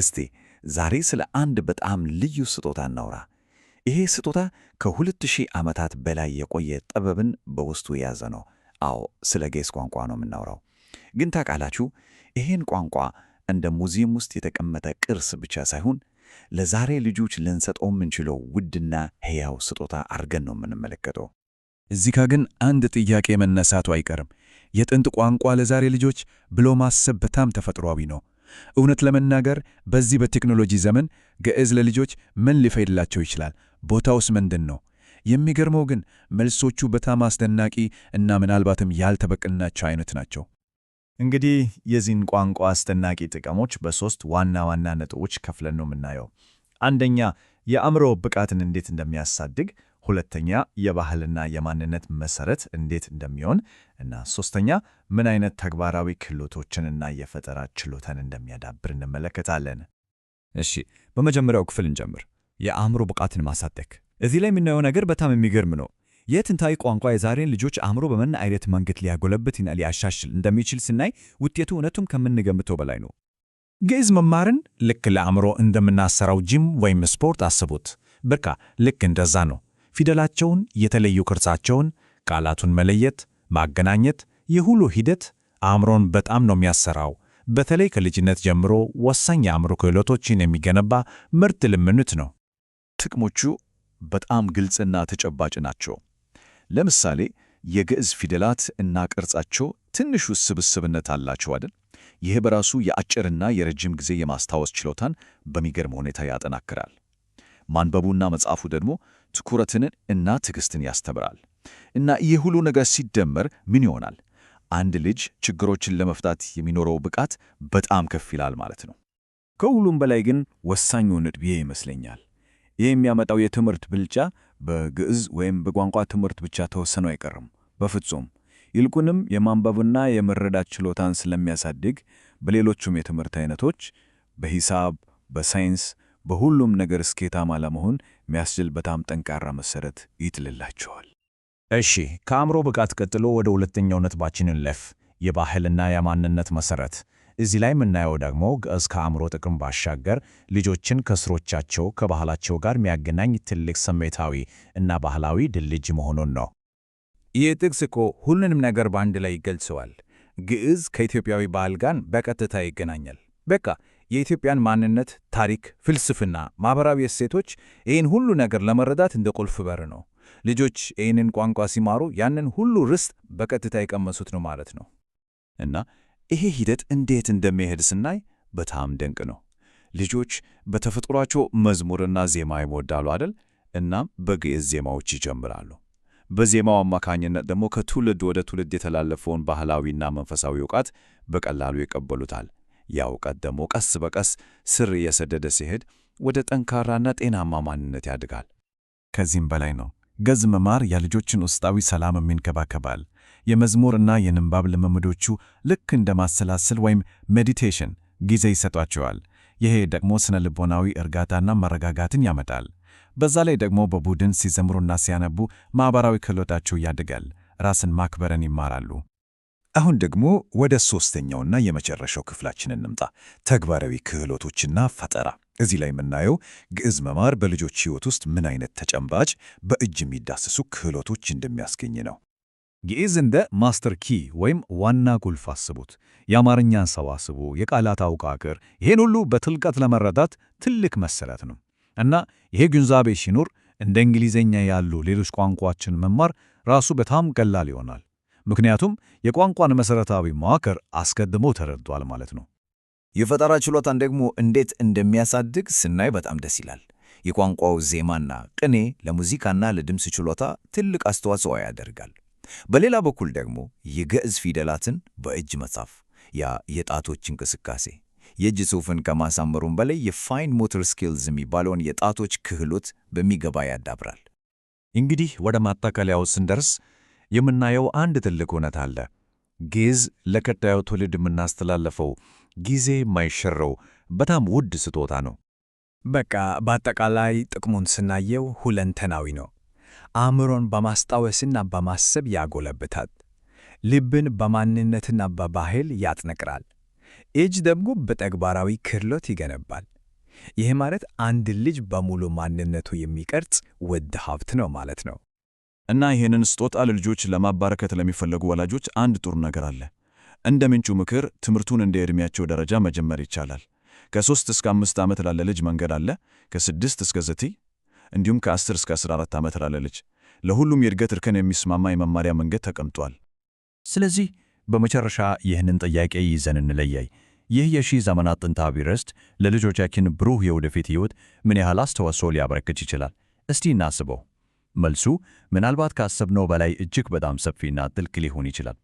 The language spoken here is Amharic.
እስቲ ዛሬ ስለ አንድ በጣም ልዩ ስጦታ እናውራ። ይሄ ስጦታ ከሁለት ሺህ ዓመታት በላይ የቆየ ጥበብን በውስጡ የያዘ ነው። አዎ ስለ ጌስ ቋንቋ ነው የምናውራው። ግን ታውቃላችሁ ይሄን ቋንቋ እንደ ሙዚየም ውስጥ የተቀመጠ ቅርስ ብቻ ሳይሆን ለዛሬ ልጆች ልንሰጠው የምንችለው ውድና ሕያው ስጦታ አድርገን ነው የምንመለከተው። እዚህ ጋ ግን አንድ ጥያቄ መነሳቱ አይቀርም። የጥንት ቋንቋ ለዛሬ ልጆች ብሎ ማሰብ በጣም ተፈጥሯዊ ነው። እውነት ለመናገር በዚህ በቴክኖሎጂ ዘመን ግዕዝ ለልጆች ምን ሊፈይድላቸው ይችላል? ቦታውስ ምንድን ነው? የሚገርመው ግን መልሶቹ በጣም አስደናቂ እና ምናልባትም ያልተበቀልናቸው አይነት ናቸው። እንግዲህ የዚህን ቋንቋ አስደናቂ ጥቅሞች በሦስት ዋና ዋና ነጥቦች ከፍለን ነው የምናየው። አንደኛ የአእምሮ ብቃትን እንዴት እንደሚያሳድግ ሁለተኛ የባህልና የማንነት መሰረት እንዴት እንደሚሆን እና ሶስተኛ ምን አይነት ተግባራዊ እና የፈጠራ ችሎታን እንደሚያዳብር እንመለከታለን። እሺ፣ በመጀመሪያው ክፍል እንጀምር፣ የአእምሮ ብቃትን ማሳደግ። እዚህ ላይ የምናየው ነገር በጣም የሚገርም ነው። የጥንታዊ ቋንቋ የዛሬን ልጆች አእምሮ በምን አይነት መንገድ ሊያጎለብትና ሊያሻሽል እንደሚችል ስናይ ውጤቱ እውነቱም ከምንገምተው በላይ ነው። ግዕዝ መማርን ልክ ለአእምሮ እንደምናሰራው ጂም ወይም ስፖርት አስቡት። በቃ ልክ እንደዛ ነው። ፊደላቸውን፣ የተለዩ ቅርጻቸውን፣ ቃላቱን መለየት፣ ማገናኘት፣ የሁሉ ሂደት አእምሮን በጣም ነው የሚያሰራው። በተለይ ከልጅነት ጀምሮ ወሳኝ የአእምሮ ክህሎቶችን የሚገነባ ምርጥ ልምምድ ነው። ጥቅሞቹ በጣም ግልጽና ተጨባጭ ናቸው። ለምሳሌ የግዕዝ ፊደላት እና ቅርጻቸው ትንሽ ውስብስብነት አላቸው አይደል? ይህ በራሱ የአጭርና የረጅም ጊዜ የማስታወስ ችሎታን በሚገርም ሁኔታ ያጠናክራል። ማንበቡና መጻፉ ደግሞ ትኩረትንን እና ትዕግስትን ያስተምራል። እና ይህ ሁሉ ነገር ሲደመር ምን ይሆናል? አንድ ልጅ ችግሮችን ለመፍታት የሚኖረው ብቃት በጣም ከፍ ይላል ማለት ነው። ከሁሉም በላይ ግን ወሳኙ ነጥብ ይመስለኛል። ይህ የሚያመጣው የትምህርት ብልጫ በግዕዝ ወይም በቋንቋ ትምህርት ብቻ ተወሰኑ አይቀርም፣ በፍጹም ይልቁንም የማንበብና የመረዳት ችሎታን ስለሚያሳድግ በሌሎቹም የትምህርት አይነቶች በሂሳብ፣ በሳይንስ፣ በሁሉም ነገር ስኬታማ ለመሆን የሚያስችል በጣም ጠንካራ መሰረት ይጥልላቸዋል። እሺ፣ ከአእምሮ ብቃት ቀጥሎ ወደ ሁለተኛው ነጥባችን እንለፍ፣ የባህልና የማንነት መሰረት። እዚህ ላይ የምናየው ደግሞ ግዕዝ ከአእምሮ ጥቅም ባሻገር ልጆችን ከስሮቻቸው ከባህላቸው ጋር የሚያገናኝ ትልቅ ስሜታዊ እና ባህላዊ ድልድይ መሆኑን ነው። ይህ ጥቅስ እኮ ሁሉንም ነገር በአንድ ላይ ይገልጸዋል። ግዕዝ ከኢትዮጵያዊ ባህል ጋር በቀጥታ ይገናኛል። በቃ የኢትዮጵያን ማንነት፣ ታሪክ፣ ፍልስፍና፣ ማኅበራዊ እሴቶች ይህን ሁሉ ነገር ለመረዳት እንደ ቁልፍ በር ነው። ልጆች ይህንን ቋንቋ ሲማሩ ያንን ሁሉ ርስት በቀጥታ የቀመሱት ነው ማለት ነው። እና ይሄ ሂደት እንዴት እንደሚሄድ ስናይ በጣም ድንቅ ነው። ልጆች በተፈጥሯቸው መዝሙርና ዜማ ይወዳሉ አይደል? እናም በግዕዝ ዜማዎች ይጀምራሉ። በዜማው አማካኝነት ደግሞ ከትውልድ ወደ ትውልድ የተላለፈውን ባህላዊና መንፈሳዊ እውቀት በቀላሉ ይቀበሉታል። ያው እውቀት ደግሞ ቀስ በቀስ ስር እየሰደደ ሲሄድ ወደ ጠንካራና ጤናማ ማንነት ያድጋል። ከዚህም በላይ ነው። ገዝ መማር የልጆችን ውስጣዊ ሰላም ይንከባከባል። የመዝሙርና የንባብ ልምምዶቹ ልክ እንደ ማሰላሰል ወይም ሜዲቴሽን ጊዜ ይሰጧቸዋል። ይሄ ደግሞ ስነ ልቦናዊ እርጋታና መረጋጋትን ያመጣል። በዛ ላይ ደግሞ በቡድን ሲዘምሩና ሲያነቡ ማኅበራዊ ክህሎታቸው ያድጋል። ራስን ማክበርን ይማራሉ። አሁን ደግሞ ወደ ሶስተኛውና የመጨረሻው ክፍላችን እንምጣ፣ ተግባራዊ ክህሎቶችና ፈጠራ። እዚህ ላይ የምናየው ግዕዝ መማር በልጆች ሕይወት ውስጥ ምን አይነት ተጨባጭ በእጅ የሚዳሰሱ ክህሎቶች እንደሚያስገኝ ነው። ግዕዝ እንደ ማስተር ኪ ወይም ዋና ቁልፍ አስቡት። የአማርኛን ሰዋስቡ፣ የቃላት አወቃቀር፣ ይህን ሁሉ በጥልቀት ለመረዳት ትልቅ መሰረት ነው እና ይሄ ግንዛቤ ሲኖር እንደ እንግሊዝኛ ያሉ ሌሎች ቋንቋዎችን መማር ራሱ በጣም ቀላል ይሆናል። ምክንያቱም የቋንቋን መሠረታዊ መዋቅር አስቀድሞ ተረድቷል ማለት ነው። የፈጠራ ችሎታን ደግሞ እንዴት እንደሚያሳድግ ስናይ በጣም ደስ ይላል። የቋንቋው ዜማና ቅኔ ለሙዚቃና ለድምፅ ችሎታ ትልቅ አስተዋጽኦ ያደርጋል። በሌላ በኩል ደግሞ የግዕዝ ፊደላትን በእጅ መጻፍ፣ ያ የጣቶች እንቅስቃሴ የእጅ ጽሑፍን ከማሳመሩም በላይ የፋይን ሞተር ስኪልዝ የሚባለውን የጣቶች ክህሎት በሚገባ ያዳብራል። እንግዲህ ወደ ማጠቃለያው ስንደርስ የምናየው አንድ ትልቅ እውነት አለ። ጊዝ ለቀጣዩ ትውልድ የምናስተላለፈው ጊዜ የማይሸረው በጣም ውድ ስጦታ ነው። በቃ በአጠቃላይ ጥቅሙን ስናየው ሁለንተናዊ ነው። አእምሮን በማስታወስና በማሰብ ያጎለብታል። ልብን በማንነትና በባህል ያጥነቅራል። እጅ ደግሞ በተግባራዊ ክህሎት ይገነባል። ይህ ማለት አንድ ልጅ በሙሉ ማንነቱ የሚቀርጽ ውድ ሀብት ነው ማለት ነው። እና ይህንን ስጦታ ለልጆች ለማባረከት ለሚፈለጉ ወላጆች አንድ ጥሩ ነገር አለ። እንደ ምንጩ ምክር ትምህርቱን እንደ ዕድሜያቸው ደረጃ መጀመር ይቻላል። ከሶስት እስከ አምስት ዓመት ላለ ልጅ መንገድ አለ። ከስድስት እስከ ዘጠኝ እንዲሁም ከአስር እስከ አስራ አራት ዓመት ላለ ልጅ ለሁሉም የእድገት እርከን የሚስማማ የመማሪያ መንገድ ተቀምጧል። ስለዚህ በመጨረሻ ይህንን ጥያቄ ይዘን እንለያይ። ይህ የሺህ ዘመናት ጥንታዊ ርስት ለልጆቻችን ብሩህ የወደፊት ሕይወት ምን ያህል አስተዋጽኦ ሊያበረክት ይችላል? እስቲ እናስበው። መልሱ ምናልባት ካሰብነው በላይ እጅግ በጣም ሰፊና ጥልቅ ሊሆን ይችላል።